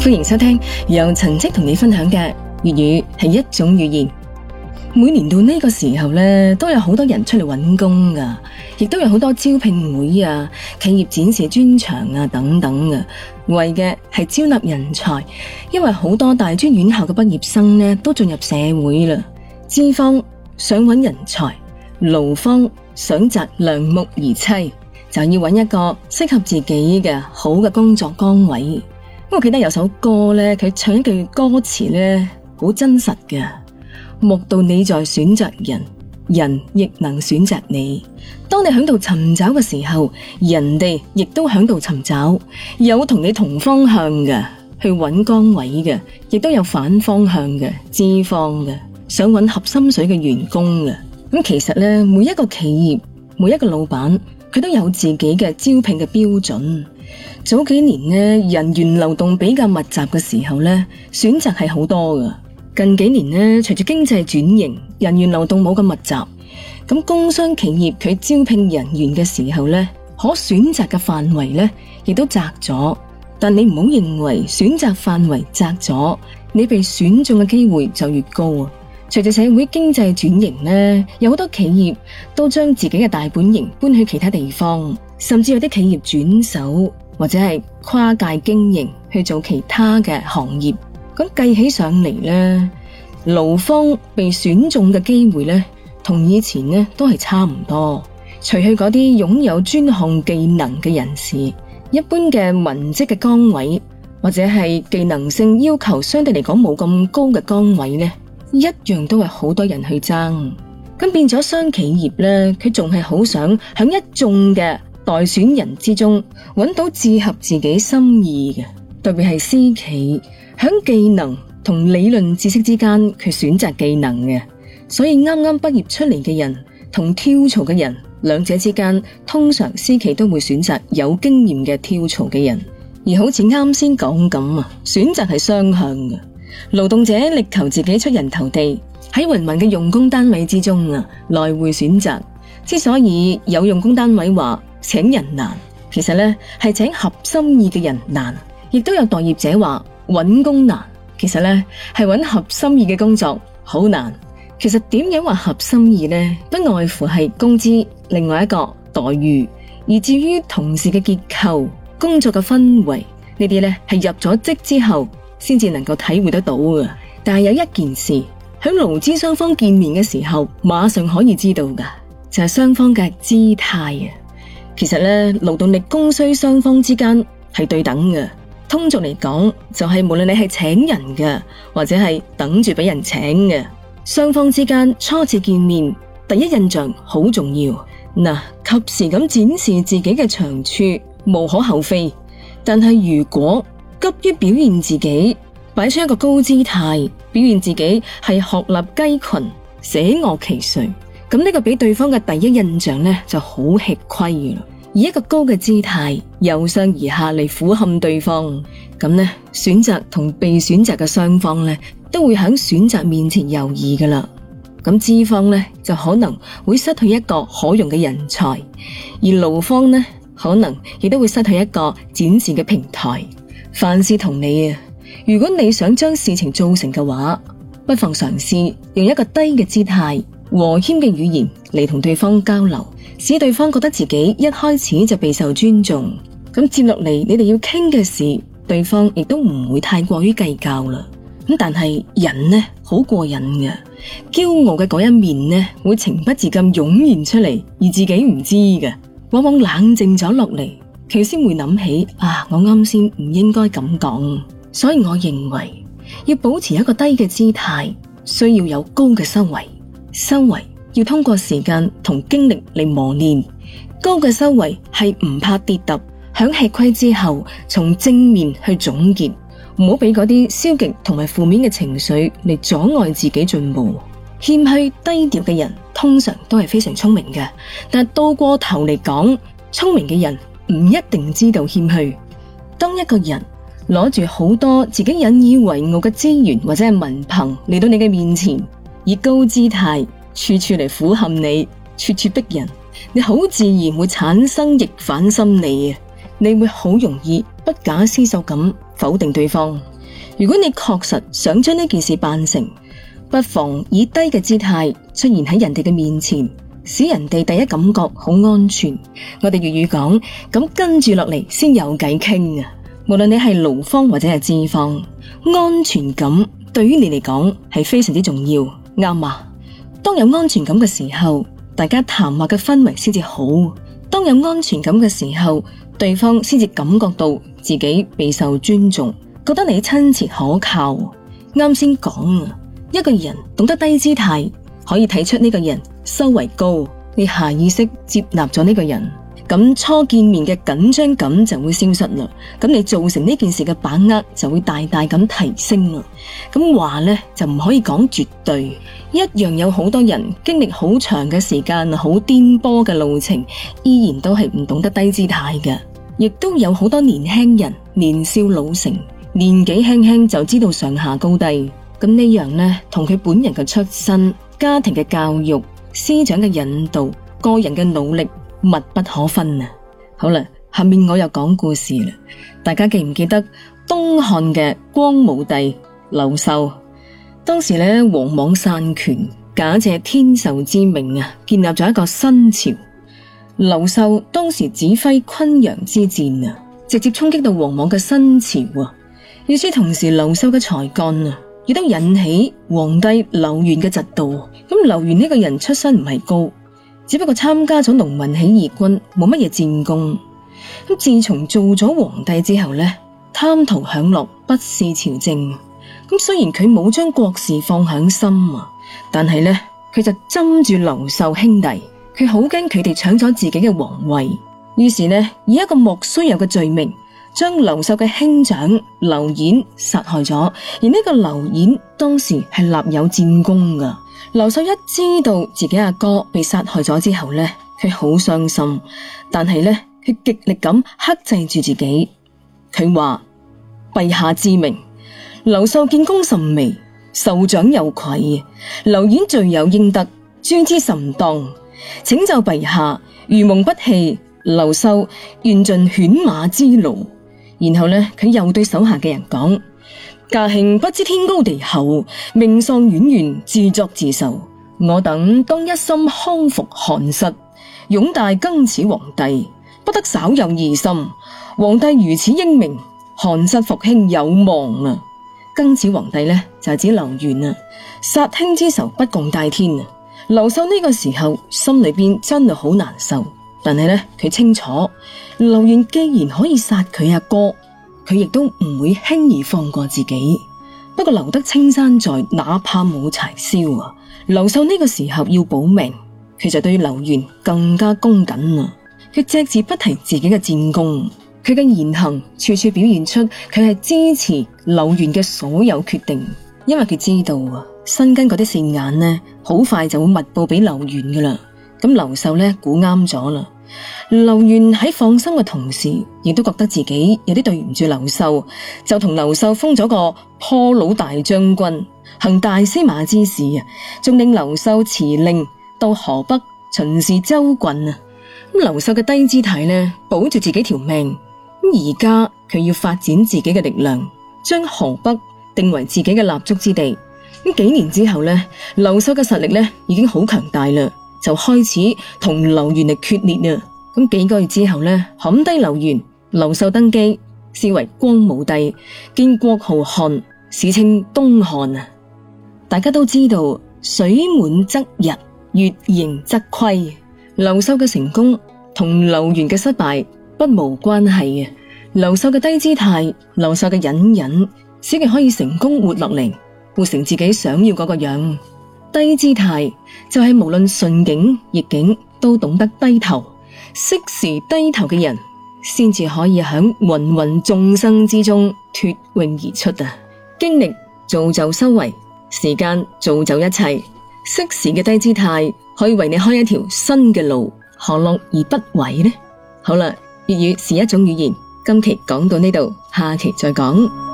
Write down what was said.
歡迎收聽由陳迹同你分享嘅粵語係一種語言。每年到呢個時候呢，都有好多人出嚟搵工㗎，亦都有好多招聘會啊、企業展示專場啊等等嘅，為嘅係招納人才。因為好多大專院校嘅畢業生呢都進入社會啦。資方想搵人才，勞方想擇良木而棲，就要搵一個適合自己嘅好嘅工作崗位。我記得有首歌呢，佢唱一句歌詞呢，好真實㗎。莫道你在選擇人，人亦能選擇你。當你響度尋找嘅時候，人哋亦都響度尋找，有同你同方向㗎，去揾崗位㗎，亦都有反方向㗎，資方㗎，想揾合心水嘅員工㗎。咁其實呢，每一個企業、每一個老闆，佢都有自己嘅招聘嘅標準。早幾年咧，人員流動比較密集嘅時候咧，選擇係好多噶。近幾年咧，隨住經濟轉型，人員流動冇咁密集，咁工商企業佢招聘人員嘅時候咧，可選擇嘅範圍呢亦都窄咗。但你唔好認為選擇範圍窄咗，你被選中嘅機會就越高啊！隨住社會經濟轉型咧，有好多企業都將自己嘅大本營搬去其他地方。甚至有啲企業轉手或者係跨界經營去做其他嘅行業，咁計起上嚟咧，勞方被選中嘅機會呢同以前呢都係差唔多。除去嗰啲擁有專項技能嘅人士，一般嘅文職嘅崗位或者係技能性要求相對嚟講冇咁高嘅崗位呢，一樣都係好多人去爭。咁變咗，商企業呢佢仲係好想響一眾嘅內選人之中揾到符合自己的心意嘅，特別係私企響技能同理論知識之間，佢選擇技能嘅。所以啱啱畢業出嚟嘅人同跳槽嘅人兩者之間，通常私企都會選擇有經驗嘅跳槽嘅人。而好似啱先講咁啊，選擇係雙向嘅。勞動者力求自己出人頭地，喺芸芸嘅用工單位之中啊，來回選擇。之所以有用工單位話。請人難，其實呢係請合心意嘅人難，亦都有待業者話揾工難，其實呢係揾合心意嘅工作好難。其實點樣話合心意呢？不外乎係工資，另外一個待遇，而至於同事嘅結構、工作嘅氛圍這些呢啲呢係入咗職之後先至能夠體會得到嘅。但係有一件事喺勞資雙方見面嘅時候，馬上可以知道㗎，就係雙方嘅姿態。其實咧，勞動力供需雙方之間係對等嘅。通俗嚟講，就係無論你係請人嘅，或者係等住俾人請嘅，雙方之間初次見面，第一印象好重要。嗱，及時咁展示自己嘅長處，無可厚非。但係如果急於表現自己，擺出一個高姿態，表現自己係鶴立雞群，捨我其誰。咁、這、呢個俾對方嘅第一印象咧就好吃虧嘅。而一個高嘅姿態由上而下嚟俯瞰對方，咁咧選擇同被選擇嘅雙方咧都會喺選擇面前猶豫噶啦。咁資方咧就可能會失去一個可用嘅人才，而勞方咧可能亦都會失去一個展示嘅平台。凡事同你啊，如果你想將事情做成嘅話，不妨嘗試用一個低嘅姿態。和謙嘅語言嚟同對方交流，使對方覺得自己一開始就備受尊重。咁接落嚟，你哋要傾嘅事，對方亦都唔會太過於計較啦。咁但係，人呢，好過癮㗎，驕傲嘅嗰一面呢，會情不自禁湧現出嚟，而自己唔知㗎。往往冷靜咗落嚟，佢先會諗起啊，我啱先唔應該咁講。所以我認為，要保持一個低嘅姿態，需要有高嘅修為。修為要通過時間同經歷嚟磨練，高嘅修為係唔怕跌倒響吃虧之後，從正面去總結，唔好俾嗰啲消極和負面嘅情緒嚟阻礙自己進步。謙虛低調嘅人通常都係非常聰明嘅，但係到過頭嚟講，聰明嘅人唔一定知道謙虛。當一個人攞住好多自己引以為傲嘅資源或者係文憑嚟到你嘅面前。以高姿態處處嚟俯瞰你，處處逼人，你好自然會產生逆反心理。你會好容易不假思索咁否定對方。如果你確實想將呢件事辦成，不妨以低嘅姿態出現喺人哋嘅面前，使人哋第一感覺好安全。我哋粵語講咁跟住落嚟先有偈傾啊！無論你係勞方或者係資方，安全感對於你嚟講係非常之重要。啱嘛、啊，當有安全感嘅時候，大家談話嘅氛圍先至好。當有安全感嘅時候，對方先至感覺到自己備受尊重，覺得你親切可靠。啱先講，一個人懂得低姿態，可以睇出呢個人修為高，你下意識接納咗呢個人。咁初見面嘅緊張感就會消失啦，咁你做成呢件事嘅把握就會大大咁提升啦。咁話呢，就唔可以講絕對，一樣有好多人經歷好長嘅時間、好顛簸嘅路程，依然都係唔懂得低姿態嘅。亦都有好多年輕人年少老成，年紀輕輕就知道上下高低。咁呢樣呢，同佢本人嘅出身、家庭嘅教育、師長嘅引導、個人嘅努力。密不可分啊！好啦，下面我又講故事啦，大家記唔記得東漢嘅光武帝劉秀？當時咧，王莽擅權，假借天授之名啊，建立咗一個新朝。劉秀當時指揮昆陽之戰啊，直接衝擊到王莽嘅新朝啊，與此同時，劉秀嘅才幹啊，亦都引起皇帝劉玄嘅嫉妒。咁劉玄呢個人出身唔係高。只不過參加咗農民起義軍，冇乜嘢戰功，咁自從做咗皇帝之後咧，貪圖享樂，不事朝政。咁雖然佢冇將國事放喺心啊，但係咧佢就針住劉秀兄弟，佢好驚佢哋搶咗自己嘅皇位，於是咧以一個莫須有嘅罪名，將劉秀嘅兄長劉演殺害咗。而呢個劉演當時係立有戰功㗎。劉秀一知道自己阿哥，哥被殺害咗之後呢，佢好傷心，但係呢，佢極力咁克制住自己。佢話，陛下之名，劉秀見功甚微，受獎有愧，劉演罪有應得，誅之甚當，請就陛下如蒙不棄，劉秀願盡犬馬之勞。然後呢，佢又對手下嘅人講。家慶不知天高地厚，命喪遠怨，自作自受。我等當一心康復漢室，擁戴庚子皇帝，不得稍有二心。皇帝如此英明，漢室復興有望啊！庚子皇帝呢，就係指劉淵啊，殺兄之仇不共戴天啊！劉秀呢個時候心裏邊真係好難受，但係呢，佢清楚劉淵既然可以殺佢阿哥。佢亦都唔會輕易放過自己。不過留得青山在，哪怕冇柴燒啊！劉秀呢個時候要保命，佢就對劉玄更加恭謹啊。佢隻字不提自己嘅戰功，佢嘅言行處處表現出佢係支持劉玄嘅所有決定。因為佢知道啊，新根嗰啲線眼呢，好快就會密報俾劉玄噶啦。咁劉秀呢，估啱咗啦。劉元喺放心嘅同時，亦都覺得自己有啲對唔住劉秀，就同劉秀封咗個破虜大將軍，行大司馬之事啊，仲令劉秀辭令到河北巡視州郡啊。咁劉秀嘅低姿態呢，保住自己條命。咁而家佢要發展自己嘅力量，將河北定為自己嘅立足之地。咁幾年之後呢，劉秀嘅實力呢已經好強大啦。就開始同劉元嚟決裂啊！咁幾個月之後呢，冚低劉元，劉秀登基，是為光武帝，建國號漢，史稱東漢啊！大家都知道，水滿則溢，月盈則虧。劉秀嘅成功同劉元嘅失敗不無關係啊，劉秀嘅低姿態，劉秀嘅隱忍，使佢可以成功活落嚟，活成自己想要嗰個樣。低姿態就係、是、無論順境逆境都懂得低頭，適時低頭嘅人先至可以喺芸芸眾生之中脫穎而出啊！經歷造就修為，時間造就一切，適時嘅低姿態可以為你開一條新嘅路，何樂而不為呢？好啦，粵語是一種語言，今期講到呢度，下期再講。